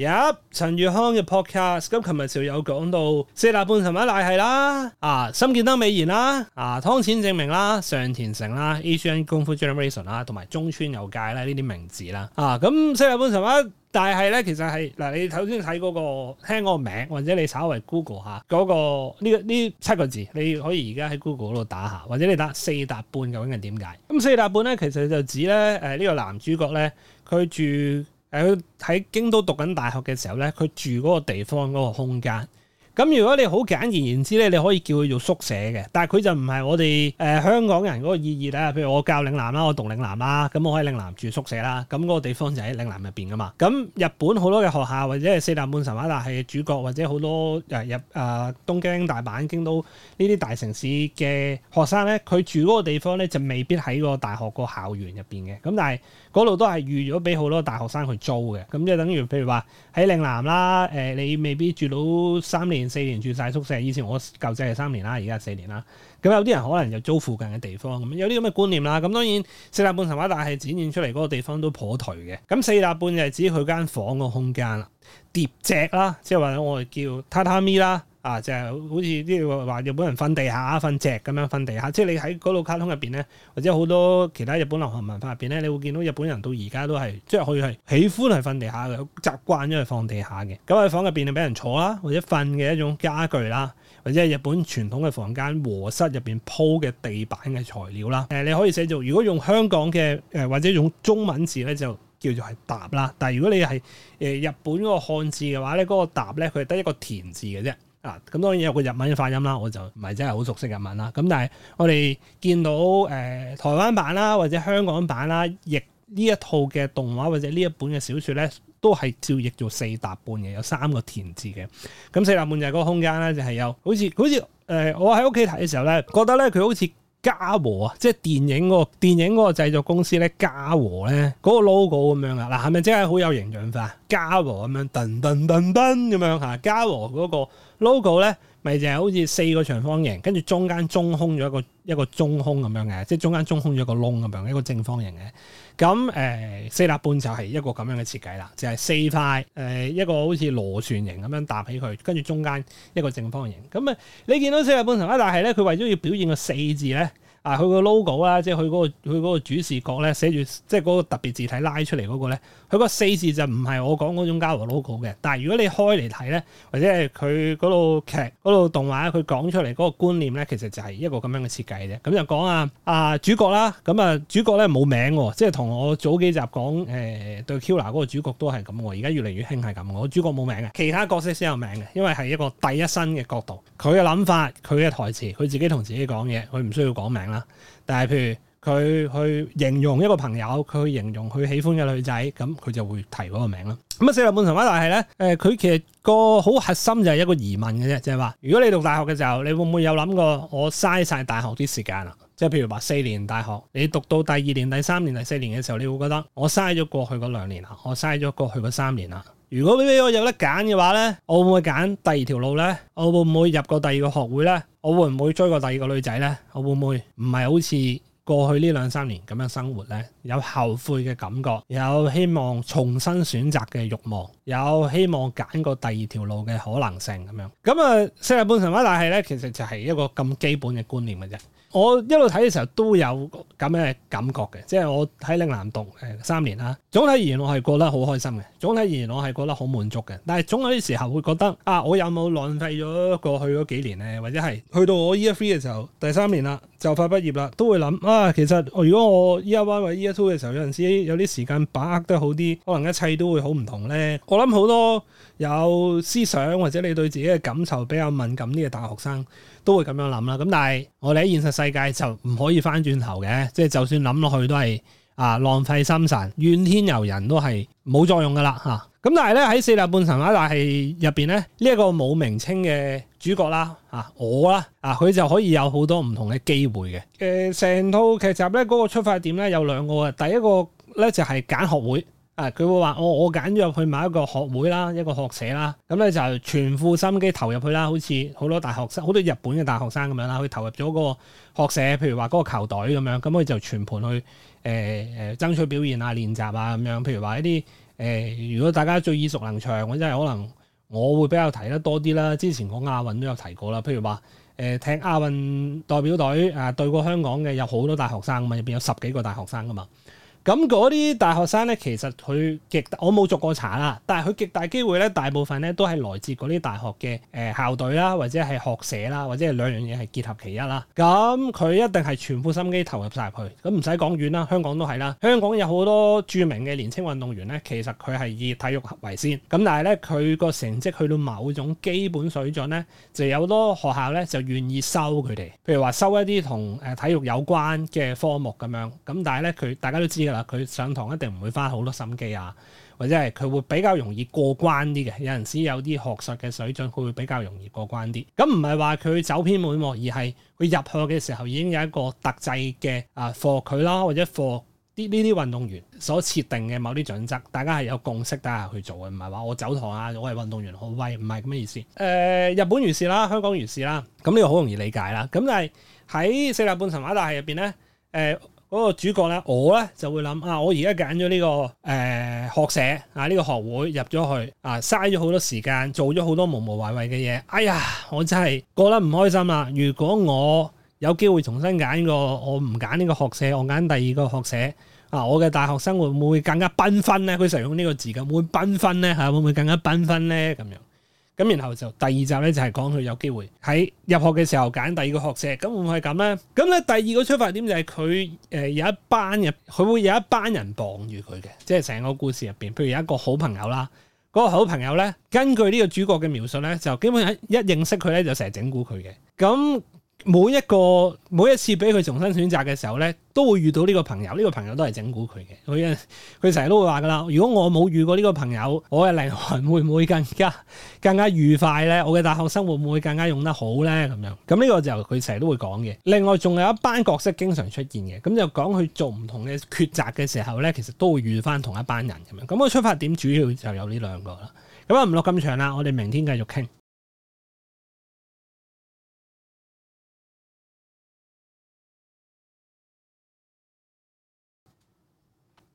有、yeah, 陳月康嘅 podcast 咁，琴日就有講到四疊半神話大系啦，啊，森見登美彥啦，啊，湯淺政明啦，上田誠啦，Asian 功夫 Generation 啦，同埋、啊、中村佑介咧呢啲名字啦，啊，咁、啊、四疊半神話大系咧，其實係嗱、啊，你頭先睇嗰個聽嗰個名，或者你稍微 Go 一 Google 下嗰、那個呢呢七個字，你可以而家喺 Google 嗰度打下，或者你打四疊半究竟係點解？咁四疊半咧，其實就指咧誒呢個男主角咧，佢住。誒佢喺京都讀緊大學嘅時候咧，佢住嗰個地方，嗰個空間。咁如果你好簡而言之咧，你可以叫佢做宿舍嘅，但係佢就唔係我哋誒、呃、香港人嗰個意義啦。譬如我教嶺南啦，我讀嶺南啦，咁我喺嶺南住宿舍啦，咁、那、嗰個地方就喺嶺南入邊噶嘛。咁、嗯、日本好多嘅學校或者係四大半神話，但係主角或者好多日日誒東京、大阪、京都呢啲大城市嘅學生咧，佢住嗰個地方咧就未必喺個大學個校園入邊嘅。咁但係嗰度都係預咗俾好多大學生去租嘅。咁即係等於譬如話喺嶺南啦，誒、呃、你未必住到三年。四年住晒宿舍，以前我舊制係三年啦，而家係四年啦。咁、嗯、有啲人可能就租附近嘅地方咁、嗯，有啲咁嘅觀念啦。咁、嗯、當然四疊半神話大係展現出嚟嗰個地方都頗頹嘅。咁、嗯、四疊半就係指佢間房個空間啦，疊蓆啦，即係或者我哋叫榻榻米啦。啊，就係、是、好似啲話日本人瞓地下、瞓席咁樣瞓地下。即係你喺嗰度卡通入邊咧，或者好多其他日本流行文化入邊咧，你會見到日本人到而家都係即係可以係喜歡係瞓地下嘅，習慣咗係放地下嘅。咁喺房入邊啊，俾人坐啦，或者瞓嘅一種家具啦，或者係日本傳統嘅房間和室入邊鋪嘅地板嘅材料啦。誒、呃，你可以寫做如果用香港嘅誒、呃、或者用中文字咧，就叫做係榻啦。但係如果你係誒、呃、日本嗰、那個漢字嘅話咧，嗰個榻咧佢係得一個田字嘅啫。嗱，咁、啊、當然有個日文嘅發音啦，我就唔係真係好熟悉日文啦。咁但係我哋見到誒、呃、台灣版啦，或者香港版啦，譯呢一套嘅動畫或者呢一本嘅小説咧，都係照譯做四達半嘅，有三個田字嘅。咁、嗯、四達半就係個空間啦、呃，就係有好似好似誒，我喺屋企睇嘅時候咧，覺得咧佢好似嘉禾啊，即係電影嗰、那個電影嗰個製作公司咧，嘉禾咧嗰個 logo 咁樣㗎，嗱，係咪真係好有形象化？嘉禾咁樣噔噔噔噔咁樣嚇，嘉禾嗰個。logo 咧咪就係、是、好似四個長方形，跟住中間中空咗一個一個中空咁樣嘅，即係中間中空咗一個窿咁樣嘅，一個正方形嘅。咁誒、呃、四立半就係一個咁樣嘅設計啦，就係、是、四塊誒、呃、一個好似螺旋形咁樣搭起佢，跟住中間一個正方形。咁啊，你見到四立半頭一但係咧佢為咗要表現個四字咧。啊，佢個 logo 啦，即係佢嗰個佢嗰個主視角咧，寫住即係嗰個特別字體拉出嚟嗰個咧，佢個四字就唔係我講嗰種交流 logo 嘅。但係如果你開嚟睇咧，或者係佢嗰度劇嗰度動畫，佢講出嚟嗰個觀念咧，其實就係一個咁樣嘅設計啫。咁、嗯、就講啊啊主角啦，咁啊主角咧冇名喎、哦，即係同我早幾集講誒、呃、對 Q 娜嗰個主角都係咁喎。而家越嚟越興係咁，我主角冇名嘅，其他角色先有名嘅，因為係一個第一身嘅角度，佢嘅諗法，佢嘅台詞，佢自己同自己講嘢，佢唔需要講名。啦，但係譬如佢去形容一個朋友，佢去形容佢喜歡嘅女仔，咁佢就會提嗰個名啦。咁啊，四疊半神話，大系呢，誒，佢其實個好核心就係一個疑問嘅啫，就係話，如果你讀大學嘅時候，你會唔會有諗過，我嘥晒大學啲時間啦？即係譬如話四年大學，你讀到第二年、第三年、第四年嘅時候，你會覺得我嘥咗過去嗰兩年啦，我嘥咗過去嗰三年啦。如果俾俾我有得揀嘅話咧，我會唔會揀第二條路咧？我會唔會入過第二個學會咧？我會唔會追過第二個女仔咧？我會唔會唔係好似過去呢兩三年咁樣生活咧？有後悔嘅感覺，有希望重新選擇嘅慾望，有希望揀個第二條路嘅可能性咁樣。咁啊，四日半神話大系咧，其實就係一個咁基本嘅觀念嘅啫。我一路睇嘅時候都有咁嘅感覺嘅，即係我喺嶺南讀誒三年啦，總體而言我係覺得好開心嘅，總體而言我係覺得好滿足嘅。但係總有啲時候會覺得啊，我有冇浪費咗過去嗰幾年咧？或者係去到我 year three 嘅時候，第三年啦，就快畢業啦，都會諗啊，其實如果我 year one 或者 year two 嘅時候，有陣時有啲時間把握得好啲，可能一切都會好唔同咧。我諗好多有思想或者你對自己嘅感受比較敏感啲嘅大學生。都會咁樣諗啦，咁但係我哋喺現實世界就唔可以返轉頭嘅，即係就算諗落去都係啊浪費心神，怨天尤人都係冇作用噶啦吓。咁但係咧喺四大半神話系入邊咧呢一個冇名稱嘅主角啦吓，我啦，啊佢就可以有好多唔同嘅機會嘅。誒成、呃、套劇集咧嗰個出發點咧有兩個，第一個咧就係揀學會。啊！佢會話、哦、我我揀咗入去買一個學會啦，一個學社啦，咁咧就全副心機投入去啦，好似好多大學生，好多日本嘅大學生咁樣啦，佢投入咗個學社，譬如話嗰個球隊咁樣，咁佢就全盤去誒誒、呃、爭取表現啊、練習啊咁樣。譬如話一啲誒，如果大家最耳熟能詳，我真係可能我會比較提得多啲啦。之前講亞運都有提過啦，譬如話誒、呃，聽亞運代表隊啊、呃，對過香港嘅有好多大學生嘛，入邊有十幾個大學生㗎嘛。咁嗰啲大學生咧，其實佢極大我冇做過查啦，但係佢極大機會咧，大部分咧都係來自嗰啲大學嘅誒、呃、校隊啦，或者係學社啦，或者係兩樣嘢係結合其一啦。咁、啊、佢一定係全副心機投入晒入去，咁唔使講遠啦，香港都係啦。香港有好多著名嘅年青運動員咧，其實佢係以體育為先，咁但係咧佢個成績去到某種基本水準咧，就有好多學校咧就願意收佢哋，譬如話收一啲同誒體育有關嘅科目咁樣。咁但係咧佢大家都知。佢上堂一定唔會花好多心機啊，或者係佢會比較容易過關啲嘅。有陣時有啲學術嘅水準，佢會比較容易過關啲。咁唔係話佢走偏門，而係佢入去嘅時候已經有一個特製嘅啊課佢啦，或者課啲呢啲運動員所設定嘅某啲準則，大家係有共識底下去做嘅，唔係話我走堂啊，我係運動員好威，唔係咁嘅意思。誒、呃，日本如是啦，香港如是啦，咁呢個好容易理解啦。咁但係喺四大半神話大系入邊咧，誒、呃。嗰個主角咧，我咧就會諗啊，我而家揀咗呢個誒、呃、學社啊，呢、呢個學會入咗去啊，嘥咗好多時間，做咗好多無無謂謂嘅嘢。哎呀，我真係過得唔開心啊！如果我有機會重新揀個，我唔揀呢個學社，我揀第二個學社啊，我嘅大學生活會唔會更加繽紛咧？佢常用呢個字咁，會繽紛咧嚇，會唔會更加繽紛咧咁樣？咁然後就第二集咧就係講佢有機會喺入學嘅時候揀第二個學社，咁會唔會係咁咧？咁咧第二個出發點就係佢誒有一班人，佢會有一班人傍住佢嘅，即係成個故事入邊，譬如有一個好朋友啦，嗰個好朋友咧，根據呢個主角嘅描述咧，就基本上一認識佢咧就成日整蠱佢嘅，咁。每一個每一次俾佢重新選擇嘅時候呢，都會遇到呢個朋友。呢、這個朋友都係整蠱佢嘅。佢佢成日都會話噶啦，「如果我冇遇過呢個朋友，我嘅靈魂會唔會更加更加愉快呢？我嘅大學生活會唔會更加用得好呢？」咁樣咁呢個就佢成日都會講嘅。另外仲有一班角色經常出現嘅，咁就講佢做唔同嘅抉擇嘅時候呢，其實都會遇翻同一班人咁樣。咁個出發點主要就有呢兩個啦。咁啊唔落咁長啦，我哋明天繼續傾。